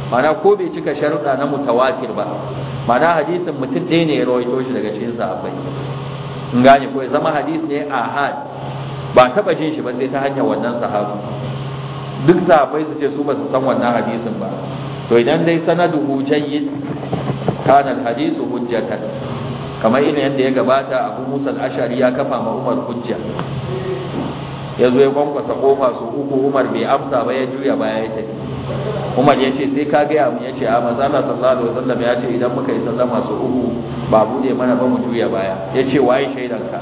mana ko bai cika sharuɗa na mutawatir ba mana hadisin mutum ɗaya ne ya rawaito shi daga cikin sahabbai in gane ko zama hadis ne ahad ba taba jin shi ba sai ta hanyar wannan sahabu duk sahabbai su ce su ba su san wannan hadisin ba to idan dai sanadu hujjan yi kana hadisu hujjatan kamar ina yadda ya gabata abu musa al-ashari ya kafa ma umar hujja ya zo ya kwankwasa kofa su uku umar bai amsa ba ya juya baya ya tafi Umar ya ce sai ka gaya mu ya ce a manzo Allah sallallahu alaihi wasallam ya ce idan muka yi sallama su uku ba bude mana ba mu juya baya ya ce waye shaidanka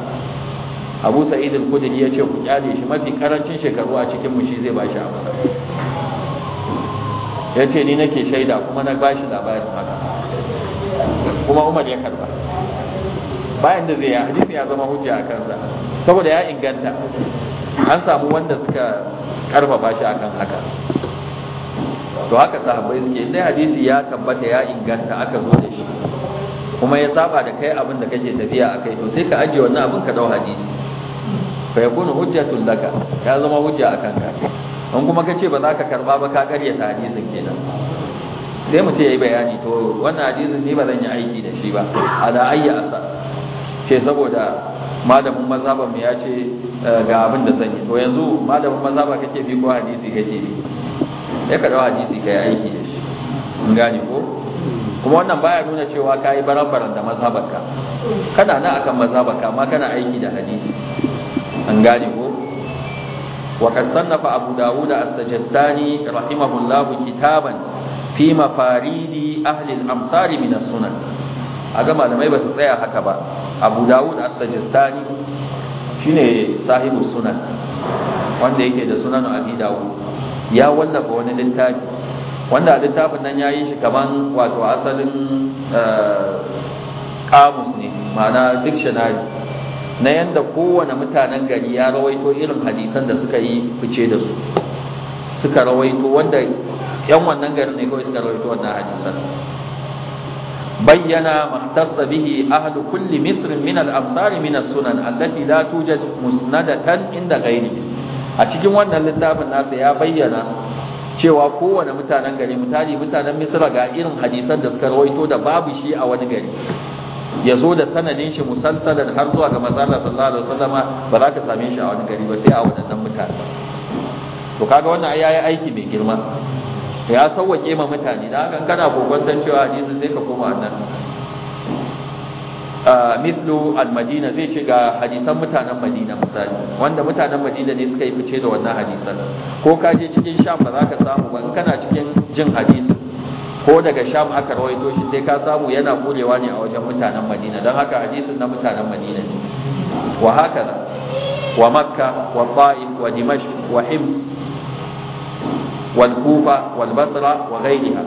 Abu Sa'id al-Khudri ya ce ku kyale shi mafi karancin shekaru a cikin mu shi zai ba shi amsa ya ce ni nake shaida kuma na bashi labarin haka kuma Umar ya karba bayan da zai ya hadisi ya zama hujja a kansa saboda ya inganta an samu wanda suka karfafa shi akan haka to haka sahabbai suke indai hadisi ya tabbata ya inganta aka zo da shi kuma ya saba da kai abin da kake tafiya kai to sai ka ajiye wannan abin ka dau hadisi fa yakunu hujjatul laka ya zama hujja akan ka in kuma ka ce ba za ka karba ba ka karya ta hadisin kenan sai mu ya yi bayani to wannan hadisin ne ba zan yi aiki da shi ba ala ayya asas Ke saboda malamin mazhaban mu ya ce eh, ga abin da zan yi to yanzu malamin mazhaba kake bi ko hadisi kake bi ya ka hadisi ka yi aiki da shi in gane ko kuma wannan baya nuna cewa ka yi barabaran da mazhabarka kana na akan mazhabarka amma kana aiki da hadisi an gane ko sannafa وقد da as داود السجستاني kitaban fi كتابا في مفاريد أهل الأمصار من A aga malamai ba su tsaya haka ba abu dawud as-sajistani shine sahibu sunan wanda yake da sunan abi dawud ya wallafa wani littafi wanda littafin nan ya yi shi kamar wato asalin eh, kamus ne ma'ana dictionary na yadda kowane mutanen gari ya rawaito irin hadisan da suka yi fice da su suka rawaito wanda yan wannan garin ne kawai suka rawaito wannan hadisan bayyana mahtassa bihi ahlu kulli misr min al-amsar min as-sunan allati la tujad musnadatan inda ghairihi a cikin wannan littafin nasa ya bayyana cewa kowane mutanen gari mutane, mutanen misra ga irin hadisan da suka rawaito da babu shi a wani gari ya zo da sanadin shi musalsalan har zuwa ga manzo sallallahu alaihi wasallam ba za ka same shi a wani gari ba sai a wadannan mutane to kaga wannan ai yayi aiki mai girma ya sauwake ma mutane da hakan kana gogon cewa hadisi sai ka koma nan. mithlu al-madina zai ce ga hadisan mutanen madina misali wanda mutanen madina ne suka yi fice da wannan hadisan ko ka je cikin sham ba za ka samu ba in kana cikin jin hadisi ko daga sham aka rawaito shi sai ka samu yana burewa ne a wajen mutanen madina don haka hadisin na mutanen madina ne wa haka wa makka wa ta'if wa dimashq wa hims wal kufa wal basra wa ghayriha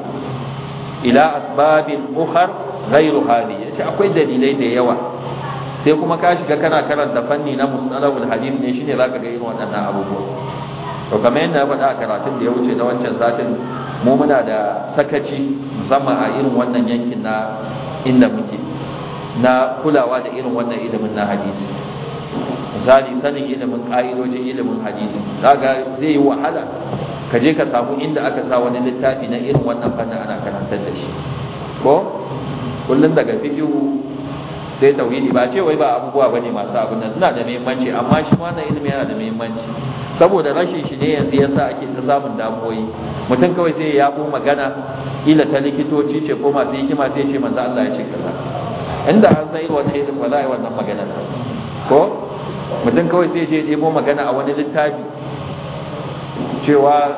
ila asbabin ukhra ghairu hali ce akwai dalilai da yawa sai kuma ka shiga kana karanta fanni na musnadul hadith ne shine zaka ga irin waɗannan abubuwa to kamar yadda faɗa a karatun da ya wuce na wancan satin mu muna da sakaci musamman a irin wannan yankin na inda muke na kulawa da irin wannan ilimin na hadisi misali sanin ilimin ƙa'idojin ilimin hadisi zaga zai yi wahala ka je ka samu inda aka sa wani littafi na irin wannan fannin ana karantar da shi ko kullun daga fiqhu sai tauhidi ba ce wai ba abubuwa bane masu abin nan suna da muhimmanci amma shi na ilimi yana da muhimmanci saboda rashin shi ne yanzu ya sa ake ta samun damuwoyi mutum kawai sai ya yabo magana ila ta likitoci ce ko masu hikima sai ce manzo Allah ya ce kaza inda har sai wannan yi wallahi wannan magana ko mutum kawai sai je ɗebo magana a wani littafi cewa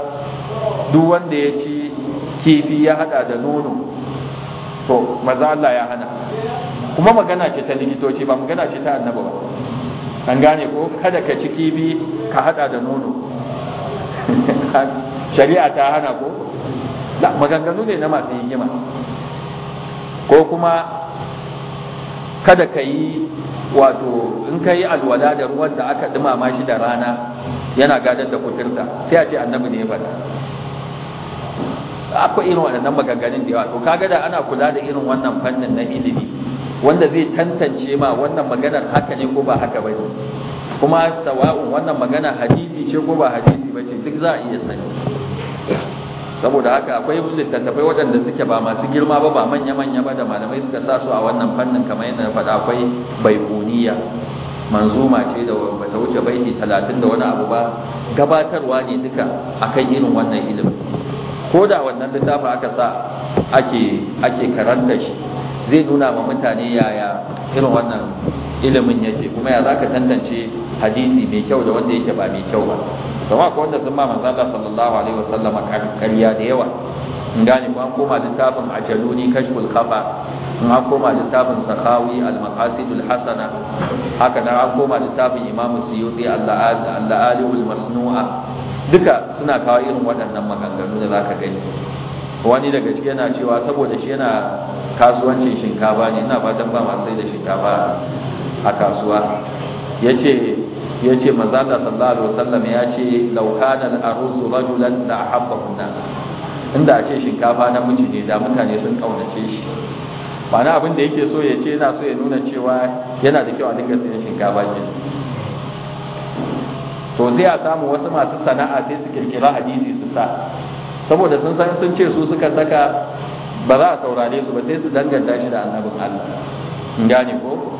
duk wanda ya ci kifi ya hada da nono to maza Allah ya hana kuma magana ce ta likitoci ba magana ce ta annaba ba an gane ko kada ka ci kibi ka hada da nono shari'a ta hana ko la maganganu ne na masu hikima ko kuma kada ka yi wato in ka yi alwala da ruwan da aka dumama shi da rana yana gadar da kuturta sai a ce annabi ne ya faɗa akwai irin waɗannan maganganun da yawa to kaga da ana kula da irin wannan fannin na ilimi wanda zai tantance ma wannan maganar haka ne ko ba haka ba ne kuma sawa'un wannan magana hadisi ce ko ba hadisi ba ce duk za a iya sani saboda haka akwai littattafai waɗanda suke ba masu girma ba ba manya-manya ba da malamai suka sa su a wannan fannin kamar yadda na faɗa akwai baikuniya manzuma ce da bata wuce baiti talatin da wani abu ba gabatarwa ne duka akan irin wannan ilimin ko da wannan littafin aka sa ake ake karanta shi zai nuna ma mutane yaya irin wannan ilimin yake kuma ya zaka tantance hadisi mai kyau da wanda yake ba mai kyau ba kuma akwai wanda sun ma manzo Allah sallallahu alaihi wasallama kariya da yawa in gane ko an koma littafin ajaluni kashful khafa in an koma littafin sakawi al-maqasidul hasana haka da an koma littafin imamu suyuti al-la'ali al-masnu'a duka suna kawo irin waɗannan maganganu da za ka gani wani daga ciki yana cewa saboda shi yana kasuwancin shinkafa ne ina fatan ba masu sai da shinkafa a kasuwa Ya ce manzo sallallahu alaihi wasallam yace law kana al rajulan la ahabbahu inda a ce shinkafa na miji ne da mutane sun kaunace shi ma'ana abin da yake so ya ce yana so ya nuna cewa yana da kyau a dinga sayan shinkafa kenan to sai a samu wasu masu sana'a sai su kirkira hadisi su sa saboda sun san sun ce su suka saka ba za a saurare su ba sai su danganta shi da annabin Allah in gane ko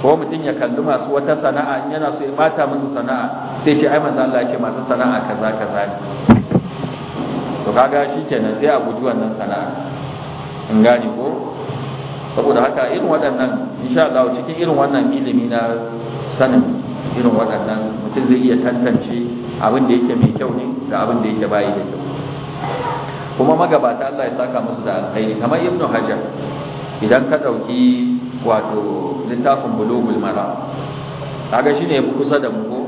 ko mutum ya kalli masu wata sana'a in yana so ya bata musu sana'a sai ce ai manzo Allah ya ce masu sana'a kaza kaza ne to kaga shikenan sai a guji wannan sana'a in gane ko saboda haka irin waɗannan insha Allah cikin irin wannan ilimi na sanin irin waɗannan mutum zai iya tantance abin da yake mai kyau ne da abin da yake bayi da kyau kuma magabata Allah ya saka musu da alkhairi kamar ibnu hajar idan ka ɗauki wato littafin bulugul mara kaga ya yafi kusa da mu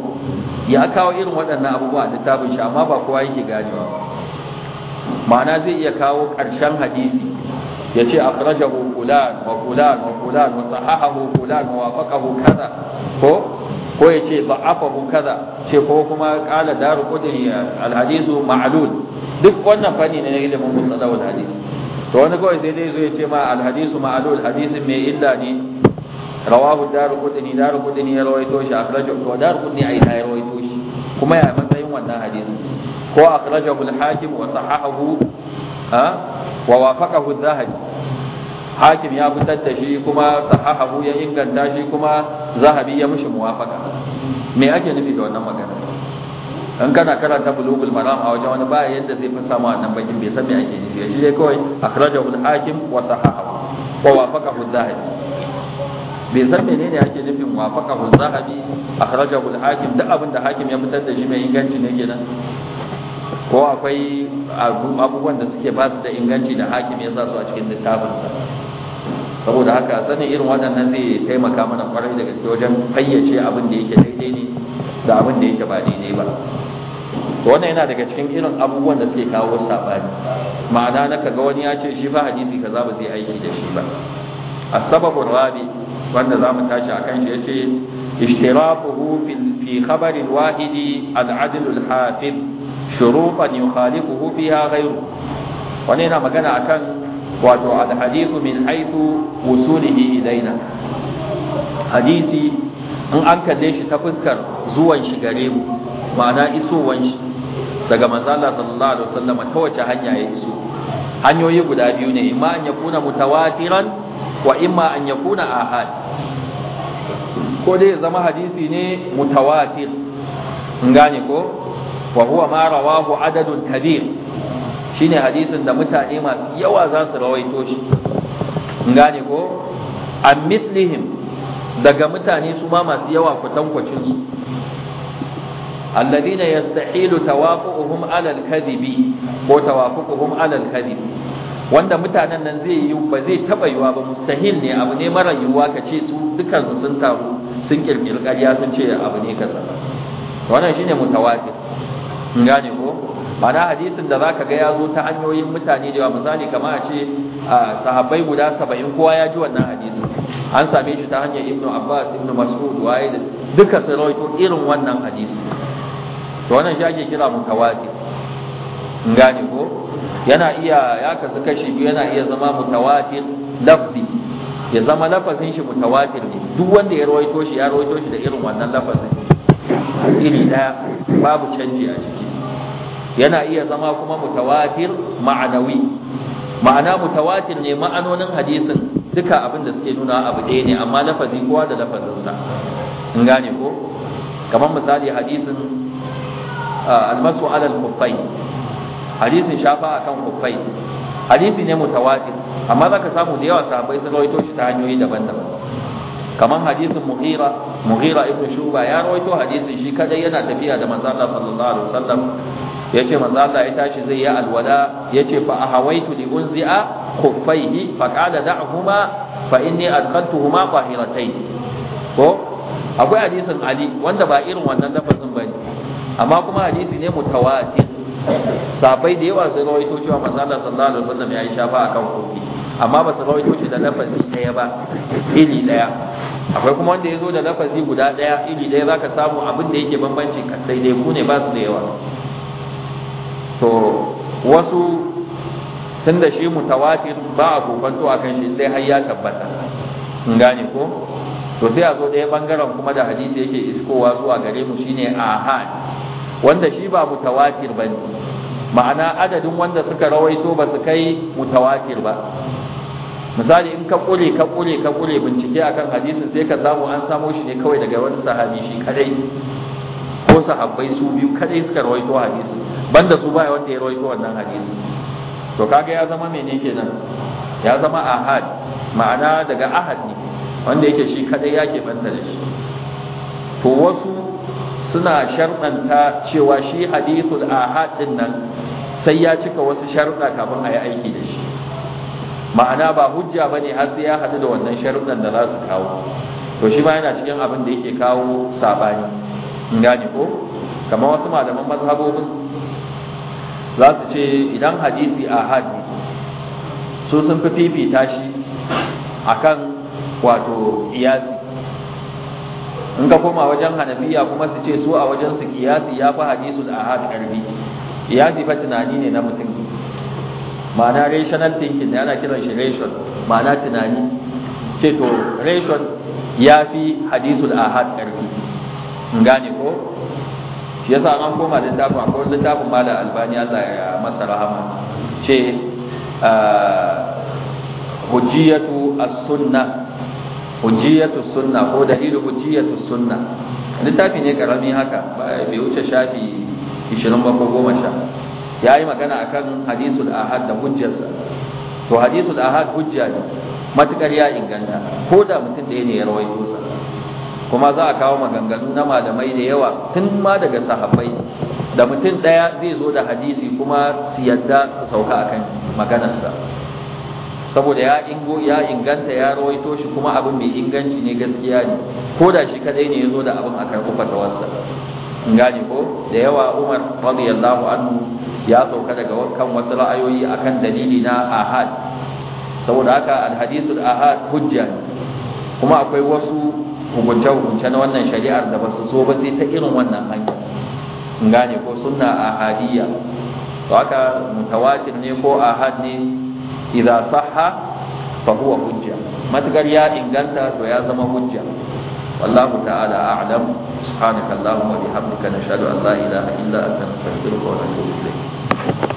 ya kawo irin waɗannan abubuwa a littafin shi amma ba kowa yake ganewa ma'ana zai iya kawo ƙarshen hadisi ya ce akhrajahu fulan wa fulan wa fulan wa sahahahu fulan wa wafaqahu kaza ko ko ya ce da'afahu kaza ce ko kuma qala daru qudri alhadisu ma'lul duk wannan fanni ne na ilimin musnad wal hadith to wani kawai sai dai zo ya ce ma alhadisu ma'lul hadisin mai illa ne rawahu daru qudni daru qudni ya rawaito shi akhrajahu to daru qudni ai ya rawaito shi kuma ya matsayin wannan hadisi ko akhrajahu al-hakim wa sahahahu ha wa wafaqahu adh-dhahabi hakim ya fitar da shi kuma sahahu ya inganta shi kuma zahabi ya mishi muwafaka me ake nufi da wannan magana in kana karanta bulugul maram a wajen wani ba yadda zai fi samu wannan bakin bai san me ake nufi shi dai kawai akhrajahu al-hakim wa sahahu wa wafaqahu az-zahabi bai san menene ake nufin wafaqahu az-zahabi akhrajahu al-hakim duk abin da hakim ya fitar da shi mai inganci ne kenan ko akwai abubuwan da suke ba su da inganci da hakim ya sa su a cikin littafinsa saboda haka sanin irin waɗannan zai taimaka mana kwarai da gaske wajen fayyace abin da yake daidai ne da abin da yake ba daidai ba to wannan yana daga cikin irin abubuwan da suke kawo sabani ma'ana na kaga wani ya ce shi fa hadisi kaza ba zai aiki da shi ba as-sababu rabi wanda zamu tashi akan shi yace ishtirafuhu fi khabar wahidi wahid al-adl al-hafiz shurutan yukhalifuhu biha ghayru wannan yana magana akan wato alhadithu min haythu wusulihi ilaina hadisi in an kalle shi ta fuskar zuwan shi gare mu ma'ana isowan shi daga manzo Allah sallallahu alaihi wasallam ta wace hanya ya iso hanyoyi guda biyu ne imma an yakuna mutawatiran wa imma an yakuna ahad ko dai zama hadisi ne mutawatir in gane ko wa huwa ma rawahu adadun kabir shine hadisin da mutane masu yawa za su rawaito shi gane ko a mislihim daga mutane su ma masu yawa kwatankwacin su alladhina yastahilu tawafuhum alal al-kadhibi ko tawafuhum alal al-kadhibi wanda mutanen nan zai yi ba zai taba yiwa ba mustahil ne abu ne mara yiwuwa ka ce su dukan su sun taru sun kirkiri ƙarya sun ce abu ne kaza wannan shine mutawatir gane mana hadisin da zaka ga ya zo ta hanyoyin mutane da yawa misali kamar a ce sahabbai guda 70 kowa ya ji wannan hadisin an same shi ta hanyar ibnu abbas ibnu mas'ud waye da duka sun rawaito irin wannan hadisin to wannan shi ake kira mutawatir gane ko yana iya ya kasu kashi biyu yana iya zama mutawatir lafzi ya zama lafazin shi mutawatir ne duk wanda ya rawaito shi ya rawaito shi da irin wannan lafazin iri daya babu canji a ciki yana iya zama kuma mutawatir ma'anawi ma'ana mutawatir ne ma'anonin hadisin duka abin da suke nuna abu ɗaya ne amma lafazi kowa da lafazinsa in gane ko kamar misali hadisin almasu alal kuffai hadisin shafa akan kuffai hadisi ne mutawatir amma za ka samu da yawa sahabbai sun rawaito shi ta hanyoyi daban-daban kamar hadisin mughira mughira ibn shuba ya rawaito hadisin shi kadai yana tafiya da manzo Allah sallallahu alaihi wasallam yace manzo Allah ya tashi zai yi alwala yace fa ahawaitu li unzi'a khuffaihi fa qala da'huma fa inni adkhaltuhuma qahiratayn ko akwai hadisin Ali wanda ba irin wannan lafazin bane amma kuma hadisi ne mutawatir sabai da yawa sun rawaito cewa manzo Allah sallallahu alaihi wasallam ya yi shafa akan kofi amma ba su rawaito shi da lafazi ɗaya ba Ili ɗaya akwai kuma wanda ya zo da lafazi guda ɗaya ili ɗaya zaka samu abin da yake bambanci dai ku ne ba su da yawa to wasu tunda shi mutawatir ba a kokonto a kan shi dai har ya tabbata in gane ko to sai a zo ɗaya bangaren kuma da hadisi yake iskowa zuwa gare mu shine ahad wanda shi ba mutawatir ba ne ma'ana adadin wanda suka rawaito ba su kai mutawatir ba misali in ka kure ka kure ka kure bincike akan hadisin sai ka samu an samo shi ne kawai daga wani sahabi shi kadai ko sahabbai su biyu kadai suka rawaito hadisin banda su baya wanda ya rawaito wannan hadisi to kaga ya zama mene kenan ya zama ahad ma'ana daga ahad ne wanda yake shi kadai yake ke banta da shi to wasu suna sharɗanta cewa shi hadithul ahad din nan sai ya cika wasu sharuɗa kafin a yi aiki da shi ma'ana ba hujja ba ne har sai ya haɗu da wannan sharuɗan da za su kawo to shi ma yana cikin abin da yake kawo saɓani in gane ko kamar wasu malaman mazhabobin za su ce idan hadisi ahad ne su sun fi fifita shi akan wato kiyasi in ka koma wajen hanafiya kuma su ce su a wajen su kiyasi ya fi Hadisu a ahad karbi kiyasi fa tunani ne na mutum ma'ana rational thinking da ana kiran shi ration ma'ana tunani ce to ration ya fi Hadisu a ahad karbi gane ko shi yasa an koma littafin akwai littafin da albani Allah ya masa rahama ce hujjiyatu as sunna, hujjiyatu sunna ko dalilu hujjiyatu sunna littafi ne karami haka bai wuce shafi 20 ba ko 10 ya yi magana akan hadisul ahad da hujjarsa to hadisul ahad hujja ne matukar ya inganta ko da mutum da ne ya rawaito sa kuma za a kawo maganganu na malamai da yawa tun ma daga sahabbai da mutum ɗaya zai zo da hadisi kuma su yadda su sauka a kan maganarsa saboda ya inganta ya rawaito shi kuma abin mai inganci ne gaskiya ne ko da shi kadai ne ya zo da abin a kan fatawarsa in gane ko da yawa umar radiyallahu anhu ya sauka daga kan wasu ra'ayoyi akan dalili na ahad saboda haka alhadisul ahad hujja kuma akwai wasu hukunce-hukunce na wannan shari'ar da basu su zo ba sai ta irin wannan hanya gane ko sunna hadiyya to haka mutawatir ne ko ahad ne idza sahha fa huwa hujja matakar ya inganta to ya zama hujja wallahu ta'ala a'lam subhanakallahumma wa bihamdika nashhadu an la ilaha illa anta astaghfiruka wa atubu ilayk